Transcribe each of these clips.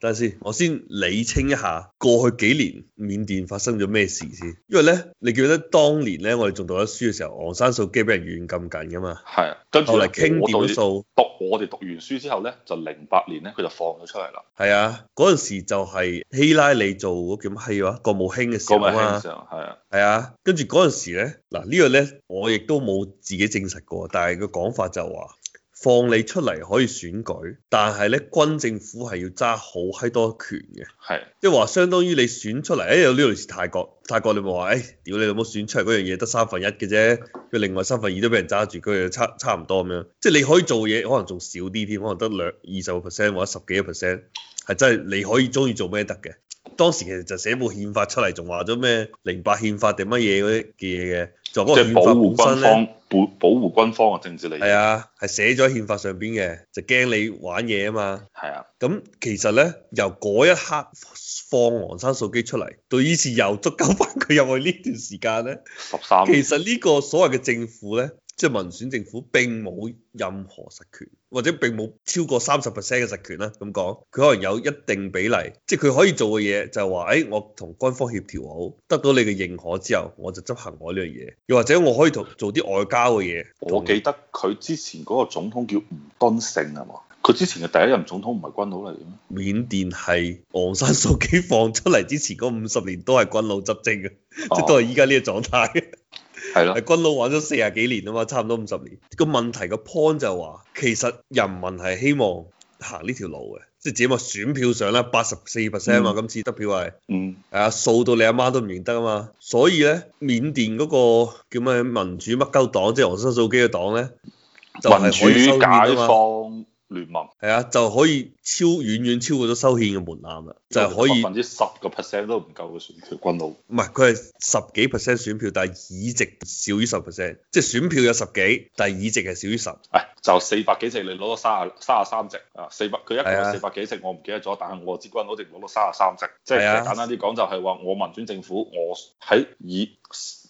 等下先，我先理清一下過去幾年緬甸發生咗咩事先。因為咧，你記得當年咧，我哋仲讀咗書嘅時候，昂山素季俾人軟禁緊噶嘛？係、啊。跟住傾倒數讀，讀我哋讀完書之後咧，就零八年咧，佢就放咗出嚟啦。係啊，嗰陣時就係希拉里做嗰叫咩？係話、啊、國務卿嘅時候。國務卿係啊。係啊，啊，跟住嗰陣時咧，嗱、這個、呢個咧我亦都冇自己證實過，但係個講法就話、是。放你出嚟可以選舉，但係咧，軍政府係要揸好閪多權嘅。係的，即係話相當於你選出嚟，誒有呢度似泰國，泰國你冇話，誒、哎、屌你老母選出嚟嗰樣嘢得三分一嘅啫，佢另外三分二都俾人揸住，佢又差差唔多咁樣。即、就、係、是、你可以做嘢，可能仲少啲添，可能得兩二十個 percent 或者十幾個 percent，係真係你可以中意做咩得嘅。當時其實就寫部憲法出嚟，仲話咗咩《零八憲法》定乜嘢啲嘅嘢嘅，就嗰個憲法本身保保護軍方嘅政治利益。係啊，係寫咗喺憲法上邊嘅，就驚你玩嘢啊嘛。係啊。咁，嗯，其實咧，由嗰一刻放昂山素姬出嚟，到於是又捉鳩翻佢入去呢段時間咧，十三。其實呢個所謂嘅政府咧，即係民選政府並冇任何實權。或者並冇超過三十 percent 嘅實權啦，咁講佢可能有一定比例，即係佢可以做嘅嘢就係、是、話，誒、哎、我同軍方協調好，得到你嘅認可之後，我就執行我呢樣嘢。又或者我可以同做啲外交嘅嘢。我記得佢之前嗰個總統叫吳敦盛啊嘛？佢之前嘅第一任總統唔係軍佬嚟嘅咩？緬甸係昂山素姬放出嚟之前嗰五十年都係軍佬執政嘅，啊、即都係依家呢個狀態、啊。係咯，係軍佬玩咗四十幾年啊嘛，差唔多五十年。個問題個 point 就係話，其實人民係希望行呢條路嘅，即係點啊？選票上咧，八十四 percent 啊，今次得票係，嗯，誒數到你阿媽都唔認得啊嘛。所以咧，緬甸嗰個叫咩民主乜鳩黨，即係昂山素姬嘅黨咧，就係、係、可以。超遠遠超過咗修憲嘅門檻啦，就係可以百分之十個 percent 都唔夠嘅選票，軍佬。唔係佢係十幾 percent 選票，但係議席少於十 percent，即係選票有十幾，但係議席係少於十。係、哎、就四百幾席，你攞到三十、三十三席啊，四百佢一共四百幾席，我唔記得咗，但係我接軍佬直攞到三十三席。即係、啊就是、簡單啲講，就係話我民主政府，我喺以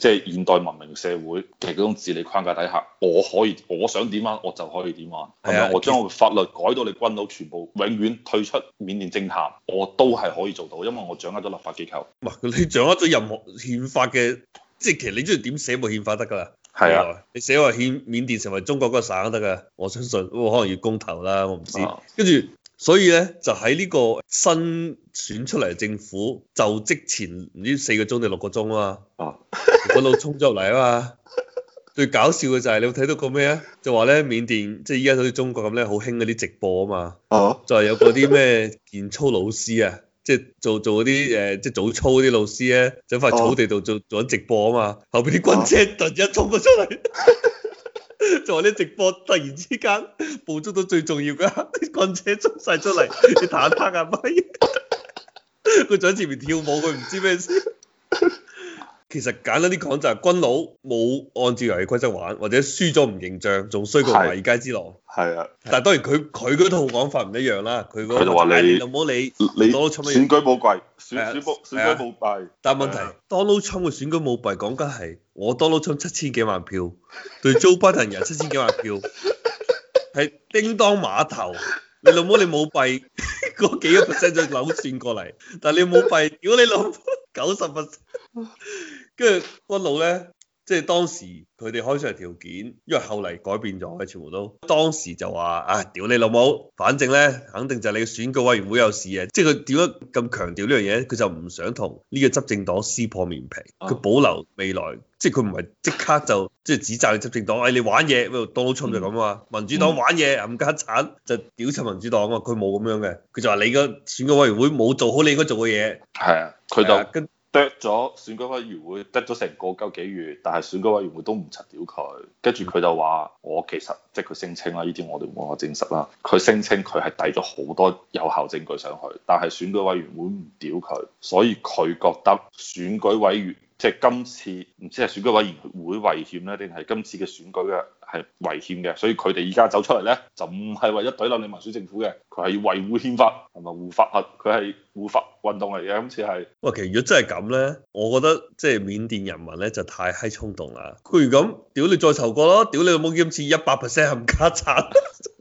即係、就是、現代文明社會嘅嗰種治理框架底下，我可以我想點啊，我就可以點啊，係咪？我將我法律改到你軍佬全部。永遠退出緬甸政壇，我都係可以做到，因為我掌握咗立法機構。哇，你掌握咗任何憲法嘅，即係其實你中意點寫部憲法得噶啦。係是啊，你寫話緬緬甸成為中國嗰個省都得噶，我相信，不過可能要公投啦，我唔知。跟住，所以咧就喺呢個新選出嚟政府就職前呢四個鐘定六個鐘啊嘛。啊，滾到衝咗入嚟啊嘛。 最搞笑嘅就係你有睇到個咩啊？就話咧，緬甸即係依家好似中國咁咧，好興嗰啲直播啊嘛。哦。就係有嗰啲咩健操老師啊，即係做做嗰啲誒即係早操啲老師咧，喺塊草地度做做緊直播啊嘛。後邊啲軍車突然間衝咗出嚟，就話啲直播突然之間捕捉到最重要嘅，啲軍車衝曬出嚟，佢坦克啊咪，佢就喺前面跳舞，佢唔知咩事。其實簡單啲講就係軍佬冇按照遊戲規則玩，或者輸咗唔認賬，仲衰過華爾街之狼。係啊，但係當然佢佢嗰套講法唔一樣啦。佢嗰就話你老母你多魯槍選舉舞弊，選選選舉舞弊。但係問題多魯槍嘅選舉舞弊講緊係我多魯槍七千幾萬票對 Joe Biden 七千幾萬票係叮噹碼頭，你老母你舞弊嗰幾個 percent 就扭轉過嚟，但係你舞弊如果你老九十 percent。跟住溫老咧，即係當時佢哋開出嚟條件，因為後嚟改變咗，佢全部都當時就話：，啊、哎，屌你老母！反正咧，肯定就係你選舉委員會有事嘅。即係佢點解咁強調呢樣嘢？佢就唔想同呢個執政黨撕破面皮，佢保留未來，即係佢唔係即刻就即係、就是、指責你執政黨，誒、哎、你玩嘢，當川普就咁啊！嗯、民主黨玩嘢，冚家鏟就屌柒民主黨啊！佢冇咁樣嘅，佢就話你個選舉委員會冇做好你應該做嘅嘢。係啊，佢就、啊、跟。啄咗選舉委員會，得咗成個幾月，但係選舉委員會都唔柒屌佢。跟住佢就話：我其實即係佢聲稱啦，呢啲我哋冇可證實啦。佢聲稱佢係遞咗好多有效證據上去，但係選舉委員會唔屌佢，所以佢覺得選舉委員即係、就是、今次唔知係選舉委員會違憲咧，定係今次嘅選舉嘅。係違憲嘅，所以佢哋而家走出嚟咧，就唔係為咗懟冧你民主政府嘅，佢係要維護憲法，係咪護法啊？佢係護法運動嚟嘅，好似係。喂，其實如果真係咁咧，我覺得即係緬甸人民咧就太嗨衝動啦。佢咁，屌你再籌過咯，屌你個蒙堅似一百 percent 冚家鏟。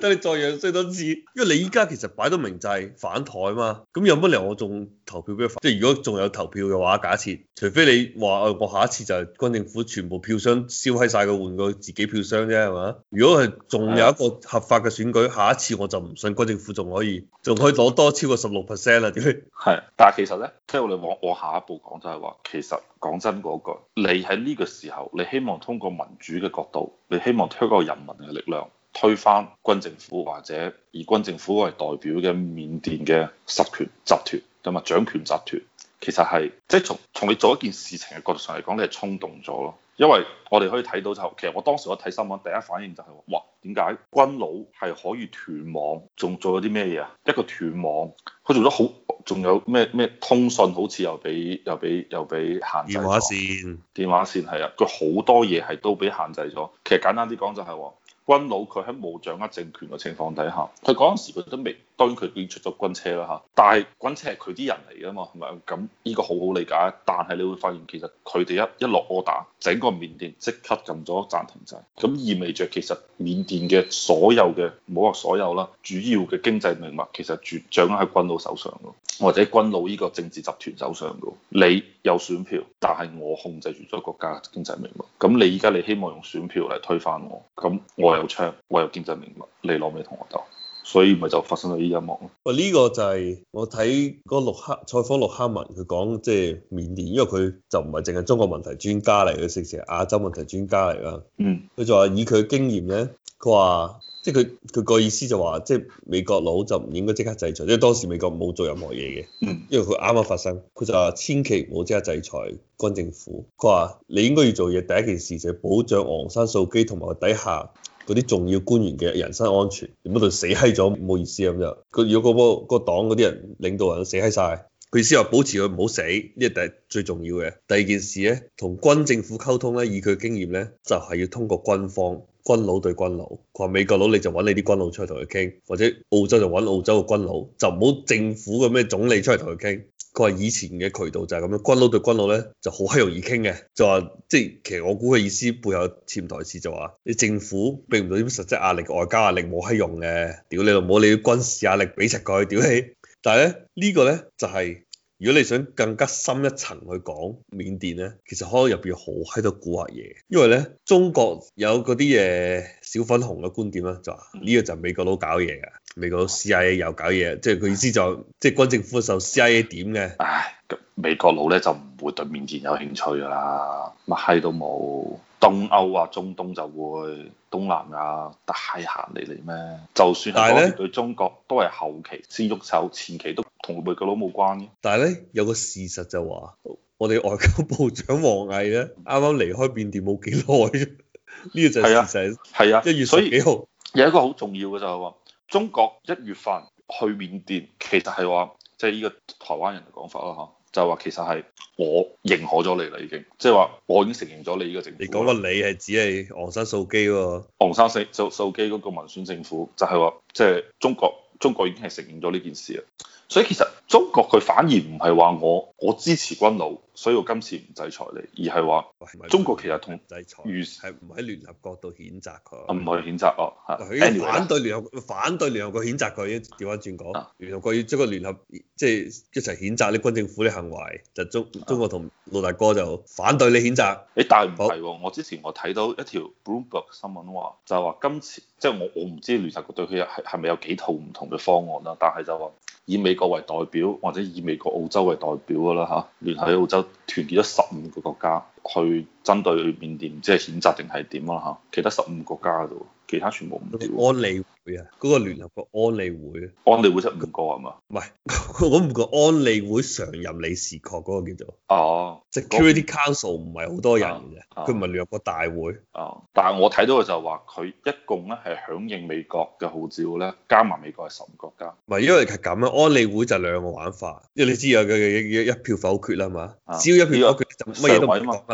等 你再樣衰多次，因為你依家其實擺到明就係反台嘛。咁有乜理由我仲投票俾你？即係如果仲有投票嘅話，假設除非你話我下一次就係軍政府全部票箱燒閪晒，佢換過自己票箱啫，係嘛？如果係仲有一個合法嘅選舉，下一次我就唔信軍政府仲可以仲可以攞多超過十六 percent 啦。點？係。但係其實咧，即係我哋往往下一步講就係話，其實講真嗰句、那個，你喺呢個時候，你希望通過民主嘅角度，你希望通過人民嘅力量。推翻軍政府或者以軍政府為代表嘅緬甸嘅實權集團同埋掌權集團，其實係即係從從你做一件事情嘅角度上嚟講，你係衝動咗咯。因為我哋可以睇到就，其實我當時我睇新聞第一反應就係話，哇，點解軍佬係可以斷網？仲做咗啲咩嘢啊？一個斷網，佢做咗好，仲有咩咩通訊好似又俾又俾又俾限制咗電話線，電話線係啊，佢好多嘢係都俾限制咗。其實簡單啲講就係。軍佬佢喺冇掌握政權嘅情況底下，佢嗰陣時佢都未。當然佢已經出咗軍車啦吓，但係軍車係佢啲人嚟㗎嘛，係咪？咁呢個好好理解。但係你會發現其實佢哋一一落 order，整個緬甸即刻撳咗暫停掣。咁意味著其實緬甸嘅所有嘅，唔好話所有啦，主要嘅經濟命脈其實絕掌握喺軍佬手上咯，或者軍佬呢個政治集團手上咯。你有選票，但係我控制住咗國家經濟命脈。咁你依家你希望用選票嚟推翻我？咁我有槍，我有經濟命脈，你攞咩同我鬥？所以咪就發生咗呢一幕咯。喂，呢個就係我睇嗰陸克採訪陸克文，佢講即係緬甸，因為佢就唔係淨係中國問題專家嚟，佢成時係亞洲問題專家嚟啦。嗯。佢就話以佢經驗咧，佢話即係佢佢個意思就話，即係美國佬就唔應該即刻制裁，因為當時美國冇做任何嘢嘅。嗯。因為佢啱啱發生，佢就話千祈唔好即刻制裁軍政府。佢話你應該要做嘢，第一件事就係保障昂山素姬同埋底下。嗰啲重要官員嘅人身安全，如果佢死閪咗，冇意思咁就。如果嗰波嗰黨嗰啲人領導人都死閪曬，佢意思話保持佢唔好死，呢個第一最重要嘅。第二件事呢，同軍政府溝通咧，以佢經驗咧，就係要通過軍方軍佬對軍佬。佢話美國佬你就揾你啲軍佬出嚟同佢傾，或者澳洲就揾澳洲嘅軍佬，就唔好政府嘅咩總理出嚟同佢傾。佢話以前嘅渠道就係咁樣，軍佬對軍佬咧就好閪容易傾嘅，就話即係其實我估佢意思背後潛台詞就話，你政府並唔到啲實質壓力，外交壓力冇閪用嘅，屌你老母，你要軍事壓力俾實佢，屌你！但係咧呢、呢個咧就係、是、如果你想更加深一層去講緬甸咧，其實可以入邊好喺度估下嘢，因為咧中國有嗰啲嘢小粉紅嘅觀點啦，就話呢、呢個就美國佬搞嘢啊！美國 C I A 又搞嘢，即係佢意思就是、即係軍政府嗰 C I A 點嘅？唉，美國佬咧就唔會對緬甸有興趣噶啦，乜閪都冇。東歐啊、中東就會，東南亞大行嚟嚟咩？就算，但係咧對中國都係後期先喐手，前期都同美國佬冇關係。但係咧有個事實就話，我哋外交部長王毅咧啱啱離開緬甸冇幾耐，呢個就係事實。係啊，一、啊、月十幾號。有一個好重要嘅就係、是、話。中國一月份去緬甸，其實係話即係呢個台灣人嘅講法啦吓，就話、是、其實係我認可咗你啦，已經即係話我已經承認咗你呢個政府。你講個你係只係昂山素姬喎，昂山素素姬嗰個民選政府就係、是、話，即、就、係、是、中國中國已經係承認咗呢件事啦。所以其實中國佢反而唔係話我我支持軍佬，所以我今次唔制裁你，而係話中國其實同唔唔制裁。如唔喺聯合國度譴責佢，唔可以譴責我。佢反對聯合國 anyway, 反對聯合國譴責佢，要調翻轉,轉講，聯合國要即係聯合即係、就是、一齊譴責啲軍政府啲行為，就中中國同老大哥就反對你譴責。誒但唔係喎，好我之前我睇到一條 Bloomberg 新聞話，就話今次即係、就是、我我唔知聯合國對佢係係咪有幾套唔同嘅方案啦，但係就話。以美國為代表，或者以美國澳洲為代表㗎啦嚇，聯合澳洲團結咗十五個國家。去針對緬甸，即係譴責定係點啊嚇？其他十五國家度，其他全部唔掂。安理會啊，嗰、那個聯合國安理會，安理會十五個啊嘛？唔係那，我唔覺安理會常任理事國嗰、那個叫做哦、啊、，Security Council 唔係好多人嘅，佢唔係聯合國大會。哦、啊，但係我睇到嘅就話佢一共咧係響應美國嘅號召咧，加埋美國係十五國家。唔係因為係咁啊，安理會就兩個玩法，因為你知有個一票否決啦嘛，啊、只要一票否決就乜嘢都唔得。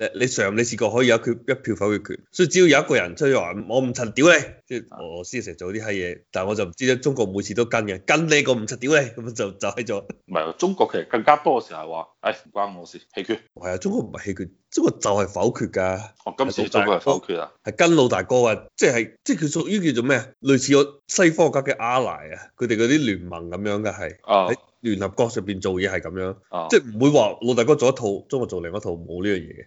誒你上午你試過可以有佢一票否決權，所以只要有一個人出去話我唔襯屌你，即係俄羅斯成日做啲閪嘢，但係我就唔知啦。中國每次都跟嘅，跟你個唔襯屌你咁就就喺咗。唔係中國其實更加多嘅時候係話，誒唔關我事棄權。係啊，中國唔係棄權，中國就係否決㗎。哦，今次中國係否決啊？係跟老大哥啊，即係即係佢屬於叫做咩啊？類似個西方國家嘅阿賴啊，佢哋嗰啲聯盟咁樣嘅係喺聯合國上邊做嘢係咁樣。即係唔會話老大哥做一套，中國做另一套，冇呢樣嘢嘅。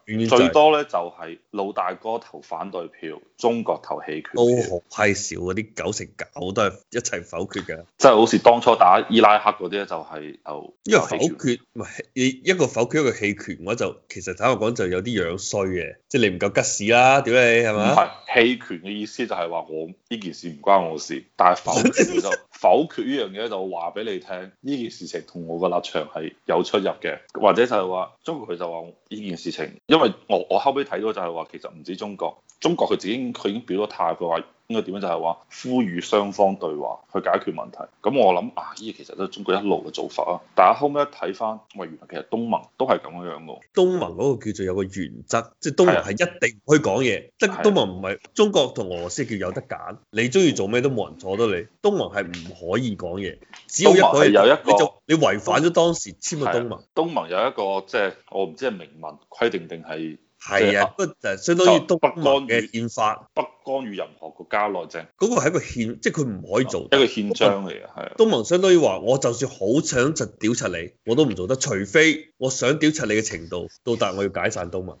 就是、最多咧就係老大哥投反對票，中國投棄權，都好稀少啊！啲九成九都係一齊否決嘅，即係好似當初打伊拉克嗰啲咧，就係由因為否決唔係一個否決一個棄權，我就其實坦白講就有啲樣衰嘅，即係你唔夠吉士啦，屌你係嘛？唔係棄權嘅意思就係話我呢件事唔關我事，但係否決就 否決呢樣嘢就話俾你聽，呢件事情同我個立場係有出入嘅，或者就係話中國佢就話呢件事情。因為我我後尾睇到就係話，其實唔止中國，中國佢自己佢已經表咗態。佢話。應該點樣？就係、是、話呼籲雙方對話去解決問題。咁我諗啊，呢其實都係中國一路嘅做法啦。但係後尾一睇翻，喂，原來其實東盟都係咁樣嘅。東盟嗰個叫做有個原則，即係東盟係一定唔可以講嘢。即係、啊、東盟唔係中國同俄羅斯叫有得揀，啊、你中意做咩都冇人阻到你。東盟係唔可以講嘢，只要一可以，你就你違反咗當時簽嘅東盟、啊。東盟有一個即係我唔知係明文規定定係。係啊，嗰就，啊、相當於東盟嘅憲法，北干，北干與任何國家內政，嗰個係一個憲，即係佢唔可以做一個憲章嚟嘅。係東，盟、啊、東盟相當於話，我就算好想就屌柒你，我都唔做得，除非我想屌柒你嘅程度，到達我要解散東盟。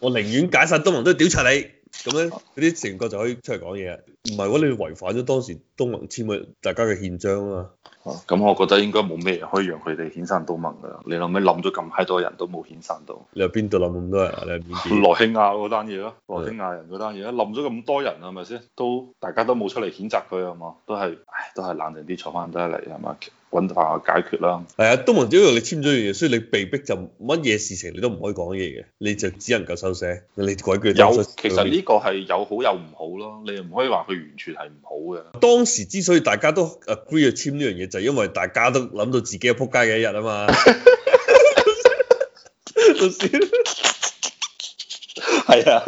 我寧願解散東盟都要屌柒你，咁咧嗰啲成個就可以出嚟講嘢。唔係如果你違反咗當時東盟簽嘅大家嘅憲章啊咁、嗯、我覺得應該冇咩人可以讓佢哋顯山倒盟㗎。你諗起諗咗咁太多人都冇顯散到。你喺邊度諗咁多人？你喺邊？羅興亞嗰單嘢啦，羅興亞人嗰單嘢啦，諗咗咁多人係咪先？都大家都冇出嚟譴責佢係嘛？都係，唉，都係冷靜啲坐翻低嚟係嘛？揾下解決啦。係啊，東盟只要你簽咗樣嘢，所以你被逼就乜嘢事情你都唔可以講嘢嘅，你就只能夠收聲你改句。有，其實呢個係有好有唔好咯。你又唔可以話佢完全係唔好嘅。當時之所以大家都 agree 去簽呢樣嘢就。因為大家都諗到自己係仆街嘅一日啊嘛，係啊，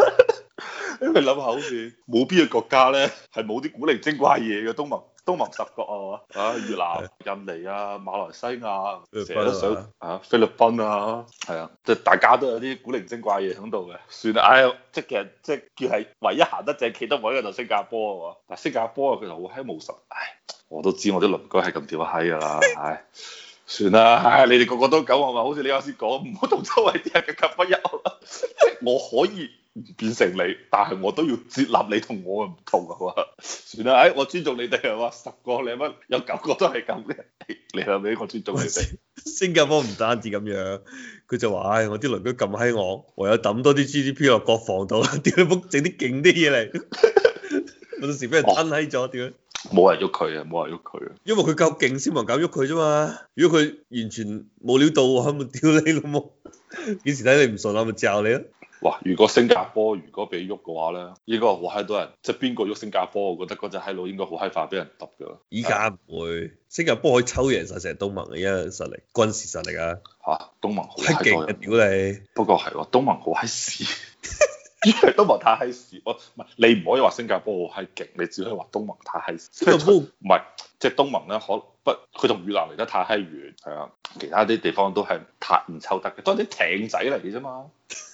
因為諗下好似冇邊個國家咧係冇啲古靈精怪嘢嘅，東盟。東盟十國，啊啊，越南、印尼啊、馬來西亞，成日 都想嚇、 啊、菲律賓啊，係啊，即係大家都有啲古靈精怪嘢喺度嘅。算啦，唉、哎，即係其實即係叫係唯一行得正企得穩嘅就係新加坡啊，但係新加坡啊，佢就好閪無神，唉，我都知我啲鄰居係咁屌閪噶啦，唉， 算啦，唉、哎，你哋個個都咁啊嘛，好似你啱先講，唔好同周圍啲人格格不入啦，因為 我可以變成你，但係我都要接納你我同我嘅唔同嘅。哇，算啦，哎，我尊重你哋。話十個你蚊，有九個都係咁嘅，你係咪我尊重你哋？新加坡唔單止咁樣，佢就話：，唉、哎，我啲鄰居咁閪惡，唯有抌多啲 GDP 落國防度，屌，唔整啲勁啲嘢嚟，到時俾人吞喺咗，點樣、哦？冇人喐佢啊！冇人喐佢啊！因為佢夠勁先，唔敢喐佢啫嘛。如果佢完全冇料到，我咪屌你老母？幾時睇你唔順，我咪嚼你啊！哇！如果新加坡如果被喐嘅話咧，應該好閪多人，即係邊個喐新加坡？我覺得嗰隻閪佬應該好閪快俾人揼㗎喇。依家唔會，的新加坡可以抽贏晒成東盟嘅因為實力，軍事實力啊，吓東盟好勁啊屌你！不過係，東盟好閪屎，因為東盟太閪屎。我唔係你唔可以話新加坡好閪勁，你只可以話東盟太閪屎。唔係即係東盟咧，可不佢同越南嚟得太閪遠，係啊，其他啲地方都係太唔抽得嘅，都係啲艇仔嚟嘅啫嘛。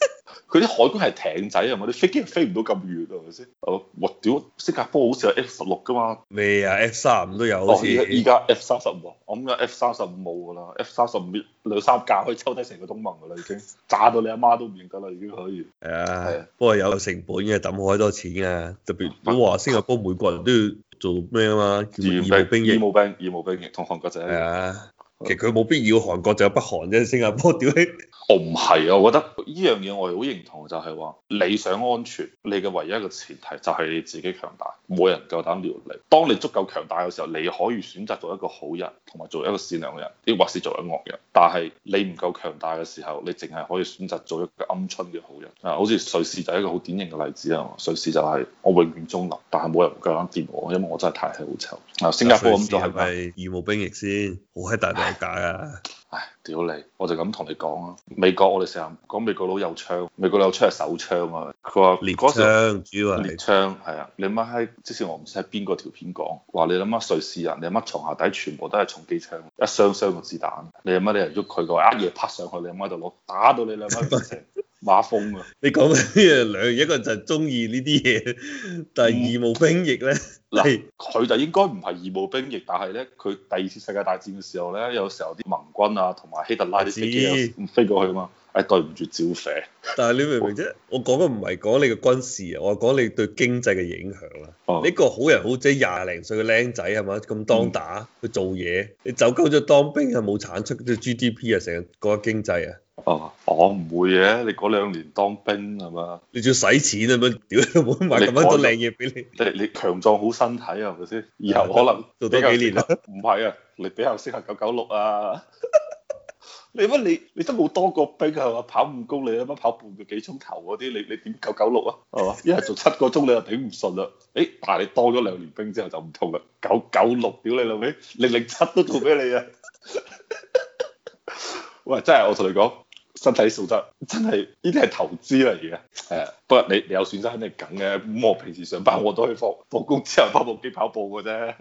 佢啲海軍係艇仔啊嘛，啲飛機飛唔到咁遠啊，係咪先？我屌，新加坡好似有 F 十六噶嘛？未啊，F 三十五都有好似。哦，依家 F 三十五，35，我諗個 F 三十五冇㗎啦，F 三十五兩三架可以抽低成個東盟㗎啦，已經炸到你阿媽，媽都唔認㗎啦，已經可以。係啊，啊不過有成本嘅，抌好多錢㗎。特別我話新加坡每個人都要做咩啊嘛？叫義務兵役。義務兵，義務兵役同韓國仔。係啊。其實佢冇必要，韓國就有北韓啫。新加坡屌你，我唔係啊！我覺得呢樣嘢我係好認同就，就係話你想安全，你嘅唯一個前提就係你自己強大，冇人夠膽撩你。當你足夠強大嘅時候，你可以選擇做一個好人，同埋做一個善良嘅人，亦或是做一個惡人。但係你唔夠強大嘅時候，你淨係可以選擇做一個鵪鶉嘅好人。啊，好似瑞士就係一個好典型嘅例子啊！瑞士就係我永遠中立，但係冇人夠膽掂我，因為我真係太氣好醜。啊，新加坡咁就係咪義務兵役先？好閪大假噶，唉，屌你，我就咁同你講啊。美國我哋成日講美國佬有槍，美國佬有槍係手槍啊。佢話列槍主要係列槍，係啊。你乜閪？即使我唔知喺邊個條片講，話你諗乜瑞士人，你乜床下底全部都係重機槍，一箱箱嘅子彈。你乜你人喐佢嘅，一夜拍上去，你乜就攞打到你兩蚊骨馬蜂啊！你講嗰呢啊，兩人一個人就係中意呢啲嘢，但係義務兵役咧，嗱佢、嗯、 是就應該唔係義務兵役，但係咧佢第二次世界大戰嘅時候咧，有時候啲盟軍啊同埋希特拉啲飛機飛過去啊嘛，係、哎、對唔住照射。但係你明唔明啫？我講嘅唔係講你嘅軍事啊，我係講你對經濟嘅影響啦。呢、嗯、個好人好仔廿零歲嘅靚仔係咪？咁當打去做嘢，你走鳩咗當兵係冇產出啲 GDP 啊，成個經濟啊！哦，我唔會嘅，你嗰兩年當兵係嘛？你仲要使錢啊嘛？屌，冇咁多靚嘢俾你。你你強壯好身體啊，係咪先？吧以後可能做多幾年啊？唔係啊，你比較適合九九六啊。 你乜你你都冇多過兵啊？跑五公里啊，乜跑半個幾鐘頭嗰啲，你你點九九六啊？係嘛？一係 做七個鐘你又頂唔順啦。誒，但係你多咗兩年兵之後就唔同啦，九九六屌你老味，零零七都做俾你啊！喂， 真係我同你講。身體素質真係，呢啲係投資啦，而家 不過你，你有損失肯定梗嘅。咁我平時上班我都去放放工之後跑步機跑步嘅啫。